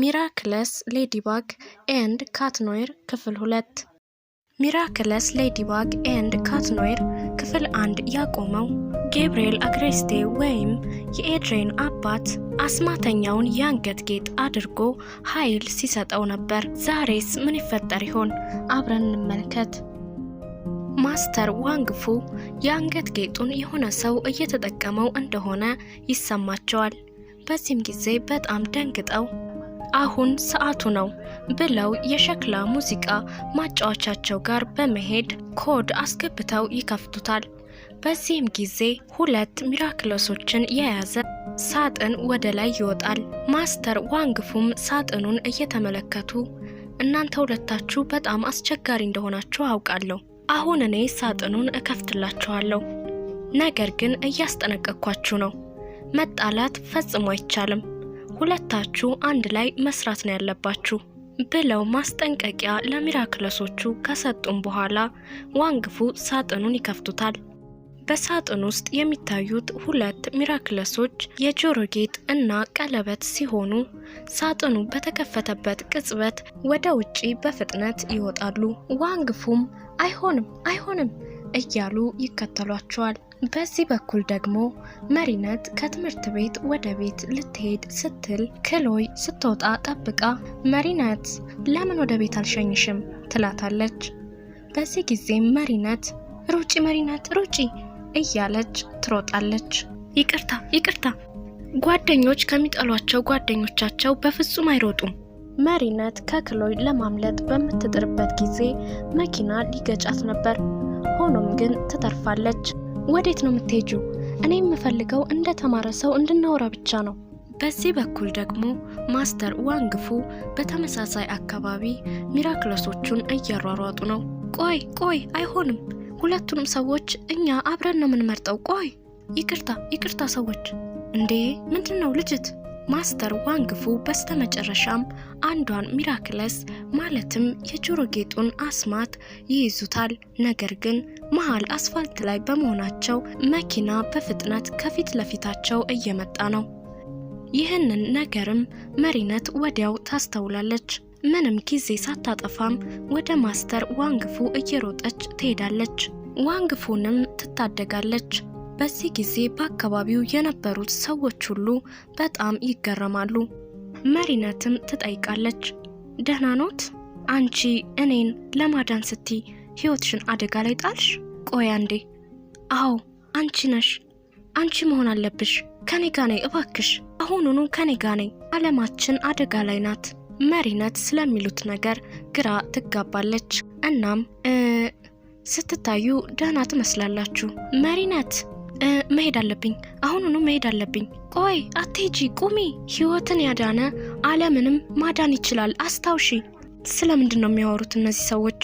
ሚራክለስ ሌዲባግ ኤንድ ካትኖይር ክፍል ሁለት ሚራክለስ ሌዲባግ ኤንድ ካትኖይር ክፍል አንድ ያቆመው ጌብርኤል አግሬስቴ ወይም የኤድሬን አባት አስማተኛውን የአንገት ጌጥ አድርጎ ኃይል ሲሰጠው ነበር። ዛሬስ ምን ይፈጠር ይሆን? አብረን እንመልከት። ማስተር ዋንግፉ የአንገት ጌጡን የሆነ ሰው እየተጠቀመው እንደሆነ ይሰማቸዋል። በዚህም ጊዜ በጣም ደንግጠው አሁን ሰዓቱ ነው ብለው የሸክላ ሙዚቃ ማጫወቻቸው ጋር በመሄድ ኮድ አስገብተው ይከፍቱታል። በዚህም ጊዜ ሁለት ሚራክለሶችን የያዘ ሳጥን ወደ ላይ ይወጣል። ማስተር ዋንግፉም ሳጥኑን እየተመለከቱ እናንተ ሁለታችሁ በጣም አስቸጋሪ እንደሆናችሁ አውቃለሁ አሁን እኔ ሳጥኑን እከፍትላችኋለሁ፣ ነገር ግን እያስጠነቀቅኳችሁ ነው። መጣላት ፈጽሞ አይቻልም። ሁለታችሁ አንድ ላይ መስራት ነው ያለባችሁ ብለው ማስጠንቀቂያ ለሚራክለሶቹ ከሰጡም በኋላ ዋንግፉ ሳጥኑን ይከፍቱታል። በሳጥን ውስጥ የሚታዩት ሁለት ሚራክለሶች የጆሮ ጌጥ እና ቀለበት ሲሆኑ ሳጥኑ በተከፈተበት ቅጽበት ወደ ውጪ በፍጥነት ይወጣሉ። ዋንግፉም አይሆንም አይሆንም እያሉ ይከተሏቸዋል። በዚህ በኩል ደግሞ መሪነት ከትምህርት ቤት ወደ ቤት ልትሄድ ስትል ክሎይ ስትወጣ ጠብቃ መሪነት ለምን ወደ ቤት አልሸኝሽም ትላታለች። በዚህ ጊዜም መሪነት ሩጪ፣ መሪነት ሩጪ እያለች ትሮጣለች። ይቅርታ ይቅርታ፣ ጓደኞች ከሚጠሏቸው ጓደኞቻቸው በፍጹም አይሮጡም። መሪነት ከክሎይ ለማምለጥ በምትጥርበት ጊዜ መኪና ሊገጫት ነበር። ሆኖም ግን ትተርፋለች። ወዴት ነው የምትሄጂው? እኔ የምፈልገው እንደ ተማረ ሰው እንድናወራ ብቻ ነው። በዚህ በኩል ደግሞ ማስተር ዋንግፉ በተመሳሳይ አካባቢ ሚራክለሶቹን እያሯሯጡ ነው። ቆይ ቆይ፣ አይሆንም። ሁለቱንም ሰዎች እኛ አብረን ነው የምንመርጠው። ቆይ፣ ይቅርታ ይቅርታ፣ ሰዎች። እንዴ ምንድን ነው ልጅት ማስተር ዋንግፉ በስተመጨረሻም አንዷን ሚራክለስ ማለትም የጆሮ ጌጡን አስማት ይይዙታል። ነገር ግን መሀል አስፋልት ላይ በመሆናቸው መኪና በፍጥነት ከፊት ለፊታቸው እየመጣ ነው። ይህንን ነገርም መሪነት ወዲያው ታስተውላለች። ምንም ጊዜ ሳታጠፋም ወደ ማስተር ዋንግፉ እየሮጠች ትሄዳለች። ዋንግፉንም ትታደጋለች። በዚህ ጊዜ በአካባቢው የነበሩት ሰዎች ሁሉ በጣም ይገረማሉ። መሪነትም ትጠይቃለች፣ ደህና ኖት? አንቺ እኔን ለማዳን ስቲ ህይወትሽን አደጋ ላይ ጣልሽ? ቆይ አንዴ። አዎ አንቺ ነሽ፣ አንቺ መሆን አለብሽ። ከኔ ጋ ነይ እባክሽ፣ አሁኑኑ ከኔ ጋ ነይ። አለማችን አደጋ ላይ ናት። መሪነት ስለሚሉት ነገር ግራ ትጋባለች። እናም ስትታዩ ደህና ትመስላላችሁ። መሪነት መሄድ አለብኝ። አሁኑኑ መሄድ አለብኝ። ቆይ አትሄጂ፣ ቁሚ። ህይወትን ያዳነ ዓለምንም ማዳን ይችላል። አስታውሺ። ስለምንድን ነው የሚያወሩት እነዚህ ሰዎች?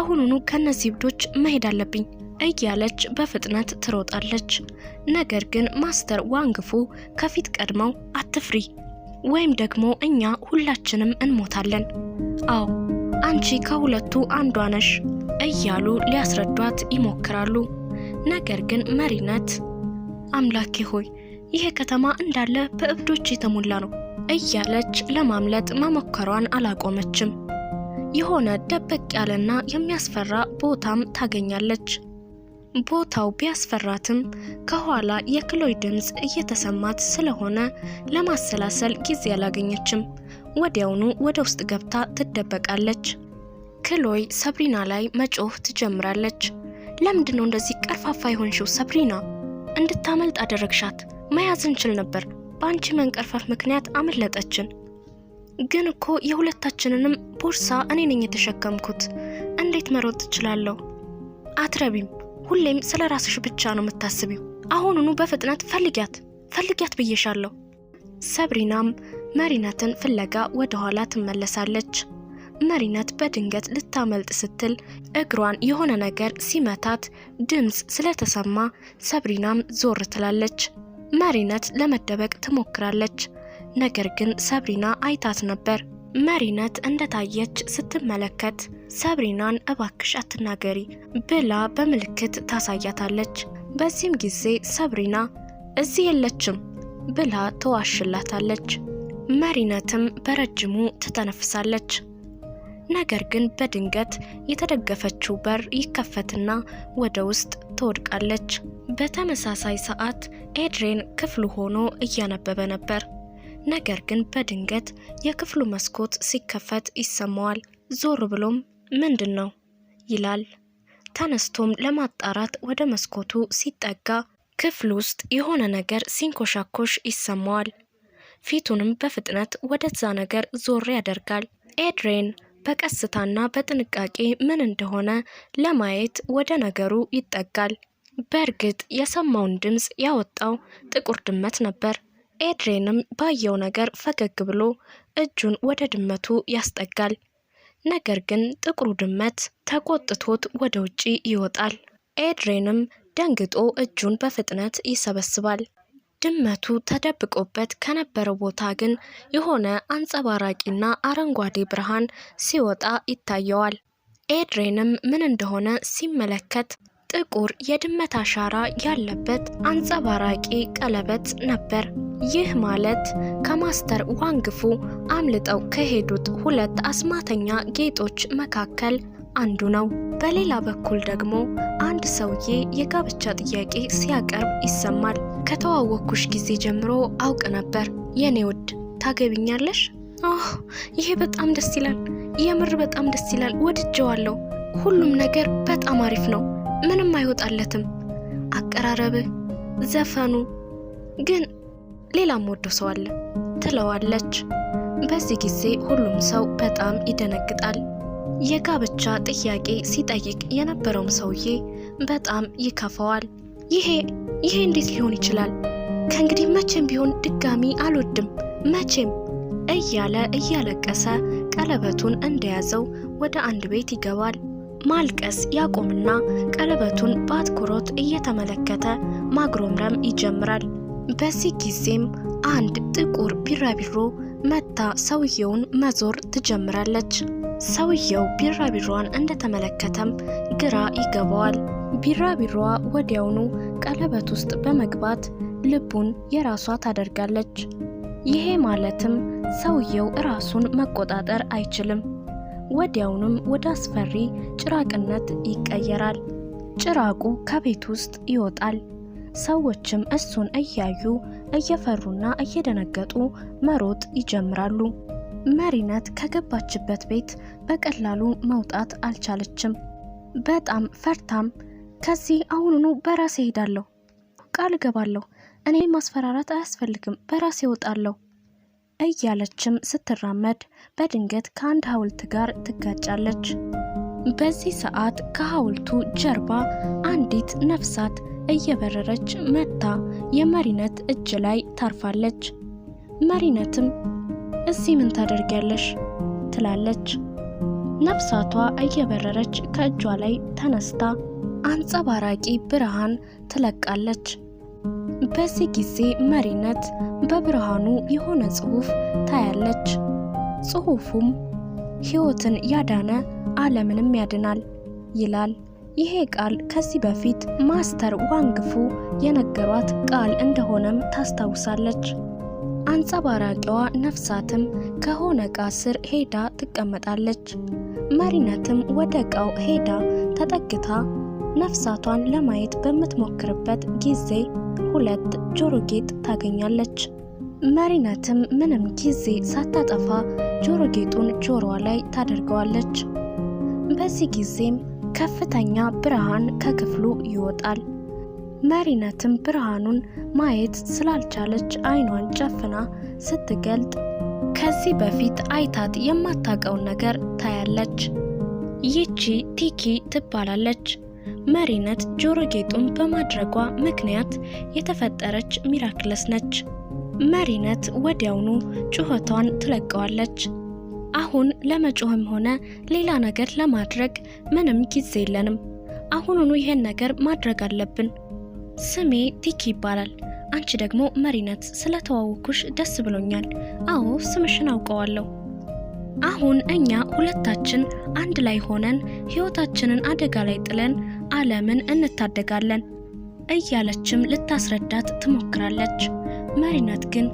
አሁኑኑ ከእነዚህ እብዶች መሄድ አለብኝ እያለች በፍጥነት ትሮጣለች። ነገር ግን ማስተር ዋንግፉ ከፊት ቀድመው አትፍሪ ወይም ደግሞ እኛ ሁላችንም እንሞታለን፣ አዎ አንቺ ከሁለቱ አንዷ ነሽ እያሉ ሊያስረዷት ይሞክራሉ። ነገር ግን መሪነት። አምላኬ ሆይ ይሄ ከተማ እንዳለ በእብዶች የተሞላ ነው እያለች ለማምለጥ መሞከሯን አላቆመችም። የሆነ ደበቅ ያለና የሚያስፈራ ቦታም ታገኛለች። ቦታው ቢያስፈራትም ከኋላ የክሎይ ድምፅ እየተሰማት ስለሆነ ለማሰላሰል ጊዜ አላገኘችም። ወዲያውኑ ወደ ውስጥ ገብታ ትደበቃለች። ክሎይ ሰብሪና ላይ መጮህ ትጀምራለች። ለምንድን ነው እንደዚህ ቀርፋፋ የሆንሽው ሰብሪና? እንድታመልጥ አደረግሻት። መያዝ እንችል ነበር። በአንቺ መንቀርፈፍ ምክንያት አመለጠችን። ግን እኮ የሁለታችንንም ቦርሳ እኔ ነኝ የተሸከምኩት። እንዴት መሮጥ ትችላለሁ? አትረቢም። ሁሌም ስለ ራስሽ ብቻ ነው የምታስቢው። አሁኑኑ በፍጥነት ፈልጊያት፣ ፈልጊያት ብዬሻለሁ። ሰብሪናም መሪነትን ፍለጋ ወደ ኋላ ትመለሳለች። መሪነት በድንገት ልታመልጥ ስትል እግሯን የሆነ ነገር ሲመታት ድምፅ ስለተሰማ ሰብሪናም ዞር ትላለች። መሪነት ለመደበቅ ትሞክራለች። ነገር ግን ሰብሪና አይታት ነበር። መሪነት እንደታየች ስትመለከት ሰብሪናን እባክሽ አትናገሪ ብላ በምልክት ታሳያታለች። በዚህም ጊዜ ሰብሪና እዚህ የለችም ብላ ትዋሽላታለች። መሪነትም በረጅሙ ትተነፍሳለች። ነገር ግን በድንገት የተደገፈችው በር ይከፈትና ወደ ውስጥ ትወድቃለች። በተመሳሳይ ሰዓት ኤድሬን ክፍሉ ሆኖ እያነበበ ነበር። ነገር ግን በድንገት የክፍሉ መስኮት ሲከፈት ይሰማዋል። ዞር ብሎም ምንድን ነው ይላል። ተነስቶም ለማጣራት ወደ መስኮቱ ሲጠጋ ክፍል ውስጥ የሆነ ነገር ሲንኮሻኮሽ ይሰማዋል። ፊቱንም በፍጥነት ወደዛ ነገር ዞር ያደርጋል። ኤድሬን በቀስታና በጥንቃቄ ምን እንደሆነ ለማየት ወደ ነገሩ ይጠጋል። በእርግጥ የሰማውን ድምፅ ያወጣው ጥቁር ድመት ነበር። ኤድሬንም ባየው ነገር ፈገግ ብሎ እጁን ወደ ድመቱ ያስጠጋል። ነገር ግን ጥቁሩ ድመት ተቆጥቶት ወደ ውጪ ይወጣል። ኤድሬንም ደንግጦ እጁን በፍጥነት ይሰበስባል። ድመቱ ተደብቆበት ከነበረው ቦታ ግን የሆነ አንጸባራቂና አረንጓዴ ብርሃን ሲወጣ ይታየዋል። ኤድሬንም ምን እንደሆነ ሲመለከት ጥቁር የድመት አሻራ ያለበት አንጸባራቂ ቀለበት ነበር። ይህ ማለት ከማስተር ዋንግፉ አምልጠው ከሄዱት ሁለት አስማተኛ ጌጦች መካከል አንዱ ነው። በሌላ በኩል ደግሞ አንድ ሰውዬ የጋብቻ ጥያቄ ሲያቀርብ ይሰማል። ከተዋወቅኩሽ ጊዜ ጀምሮ አውቅ ነበር የኔ ውድ፣ ታገቢኛለሽ? አህ ይሄ በጣም ደስ ይላል፣ የምር በጣም ደስ ይላል፣ ወድጀዋለሁ። ሁሉም ነገር በጣም አሪፍ ነው፣ ምንም አይወጣለትም። አቀራረብህ፣ ዘፈኑ ግን ሌላም ወዶ ሰው አለ ትለዋለች። በዚህ ጊዜ ሁሉም ሰው በጣም ይደነግጣል። የጋብቻ ጥያቄ ሲጠይቅ የነበረውም ሰውዬ በጣም ይከፋዋል። ይሄ ይሄ እንዴት ሊሆን ይችላል? ከእንግዲህ መቼም ቢሆን ድጋሚ አልወድም መቼም እያለ እያለቀሰ ቀለበቱን እንደያዘው ወደ አንድ ቤት ይገባል። ማልቀስ ያቆምና ቀለበቱን በአትኩሮት እየተመለከተ ማጉረምረም ይጀምራል። በዚህ ጊዜም አንድ ጥቁር ቢራቢሮ መታ ሰውየውን መዞር ትጀምራለች። ሰውየው ቢራቢሮዋን እንደተመለከተም ግራ ይገባዋል። ቢራቢሮዋ ወዲያውኑ ቀለበት ውስጥ በመግባት ልቡን የራሷ ታደርጋለች። ይሄ ማለትም ሰውየው ራሱን መቆጣጠር አይችልም። ወዲያውኑም ወደ አስፈሪ ጭራቅነት ይቀየራል። ጭራቁ ከቤት ውስጥ ይወጣል። ሰዎችም እሱን እያዩ እየፈሩና እየደነገጡ መሮጥ ይጀምራሉ። መሪነት ከገባችበት ቤት በቀላሉ መውጣት አልቻለችም። በጣም ፈርታም ከዚህ አሁኑኑ በራሴ ሄዳለሁ፣ ቃል እገባለሁ፣ እኔ ማስፈራራት አያስፈልግም፣ በራሴ ወጣለሁ እያለችም ስትራመድ በድንገት ከአንድ ሐውልት ጋር ትጋጫለች። በዚህ ሰዓት ከሐውልቱ ጀርባ አንዲት ነፍሳት እየበረረች መታ የመሪነት እጅ ላይ ታርፋለች። መሪነትም እዚህ ምን ታደርጊያለሽ? ትላለች። ነፍሳቷ እየበረረች ከእጇ ላይ ተነስታ አንጸባራቂ ብርሃን ትለቃለች። በዚህ ጊዜ መሪነት በብርሃኑ የሆነ ጽሑፍ ታያለች። ጽሑፉም ሕይወትን ያዳነ ዓለምንም ያድናል ይላል። ይሄ ቃል ከዚህ በፊት ማስተር ዋንግፉ የነገሯት ቃል እንደሆነም ታስታውሳለች። አንጸባራቂዋ ነፍሳትም ከሆነ እቃ ስር ሄዳ ትቀመጣለች። መሪነትም ወደ እቃው ሄዳ ተጠግታ ነፍሳቷን ለማየት በምትሞክርበት ጊዜ ሁለት ጆሮ ጌጥ ታገኛለች። መሪነትም ምንም ጊዜ ሳታጠፋ ጆሮ ጌጡን ጆሮዋ ላይ ታደርገዋለች። በዚህ ጊዜም ከፍተኛ ብርሃን ከክፍሉ ይወጣል። መሪነትም ብርሃኑን ማየት ስላልቻለች አይኗን ጨፍና ስትገልጥ ከዚህ በፊት አይታት የማታውቀውን ነገር ታያለች። ይቺ ቲኪ ትባላለች። መሪነት ጆሮ ጌጡን በማድረጓ ምክንያት የተፈጠረች ሚራክለስ ነች። መሪነት ወዲያውኑ ጩኸቷን ትለቀዋለች። አሁን ለመጮህም ሆነ ሌላ ነገር ለማድረግ ምንም ጊዜ የለንም። አሁኑኑ ይሄን ነገር ማድረግ አለብን። ስሜ ቲኪ ይባላል። አንቺ ደግሞ መሪነት፣ ስለተዋወኩሽ ደስ ብሎኛል። አዎ ስምሽን አውቀዋለሁ። አሁን እኛ ሁለታችን አንድ ላይ ሆነን ሕይወታችንን አደጋ ላይ ጥለን ዓለምን እንታደጋለን እያለችም ልታስረዳት ትሞክራለች። መሪነት ግን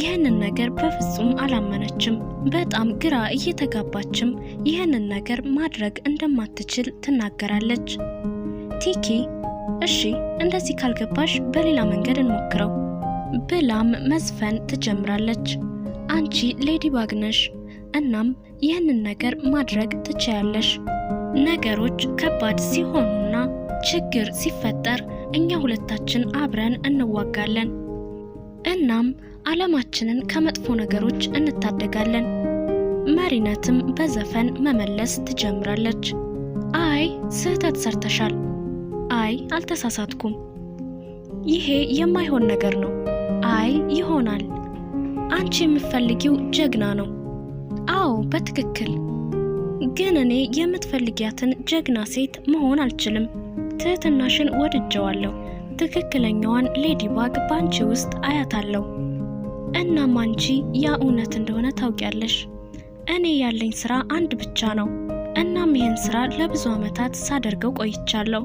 ይህንን ነገር በፍጹም አላመነችም። በጣም ግራ እየተጋባችም ይህንን ነገር ማድረግ እንደማትችል ትናገራለች። ቲኪ እሺ እንደዚህ ካልገባሽ በሌላ መንገድ እንሞክረው ብላም መዝፈን ትጀምራለች። አንቺ ሌዲ ባግ ነሽ፣ እናም ይህንን ነገር ማድረግ ትችያለሽ። ነገሮች ከባድ ሲሆኑና ችግር ሲፈጠር እኛ ሁለታችን አብረን እንዋጋለን። እናም ዓለማችንን ከመጥፎ ነገሮች እንታደጋለን። መሪነትም በዘፈን መመለስ ትጀምራለች። አይ ስህተት ሰርተሻል አይ አልተሳሳትኩም፣ ይሄ የማይሆን ነገር ነው፣ አይ ይሆናል፣ አንቺ የምትፈልጊው ጀግና ነው። አዎ በትክክል ግን እኔ የምትፈልጊያትን ጀግና ሴት መሆን አልችልም። ትህትናሽን ወድጀዋለሁ። ትክክለኛዋን ሌዲ ባግ በአንቺ ውስጥ አያታለሁ። እናም አንቺ ያ እውነት እንደሆነ ታውቂያለሽ። እኔ ያለኝ ስራ አንድ ብቻ ነው። እናም ይህን ስራ ለብዙ ዓመታት ሳደርገው ቆይቻለሁ።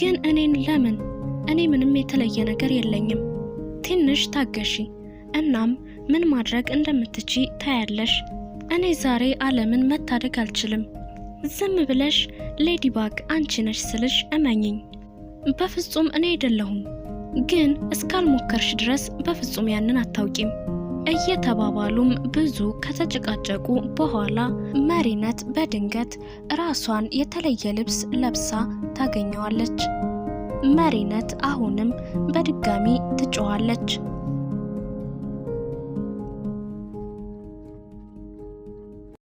ግን እኔን ለምን? እኔ ምንም የተለየ ነገር የለኝም። ትንሽ ታገሺ፣ እናም ምን ማድረግ እንደምትቺ ታያለሽ። እኔ ዛሬ ዓለምን መታደግ አልችልም። ዝም ብለሽ ሌዲ ባግ አንቺ ነሽ ስልሽ እመኝኝ። በፍጹም እኔ አይደለሁም፣ ግን እስካልሞከርሽ ድረስ በፍጹም ያንን አታውቂም። እየተባባሉም ብዙ ከተጨቃጨቁ በኋላ መሪነት በድንገት ራሷን የተለየ ልብስ ለብሳ ታገኘዋለች። መሪነት አሁንም በድጋሚ ትጮኋለች።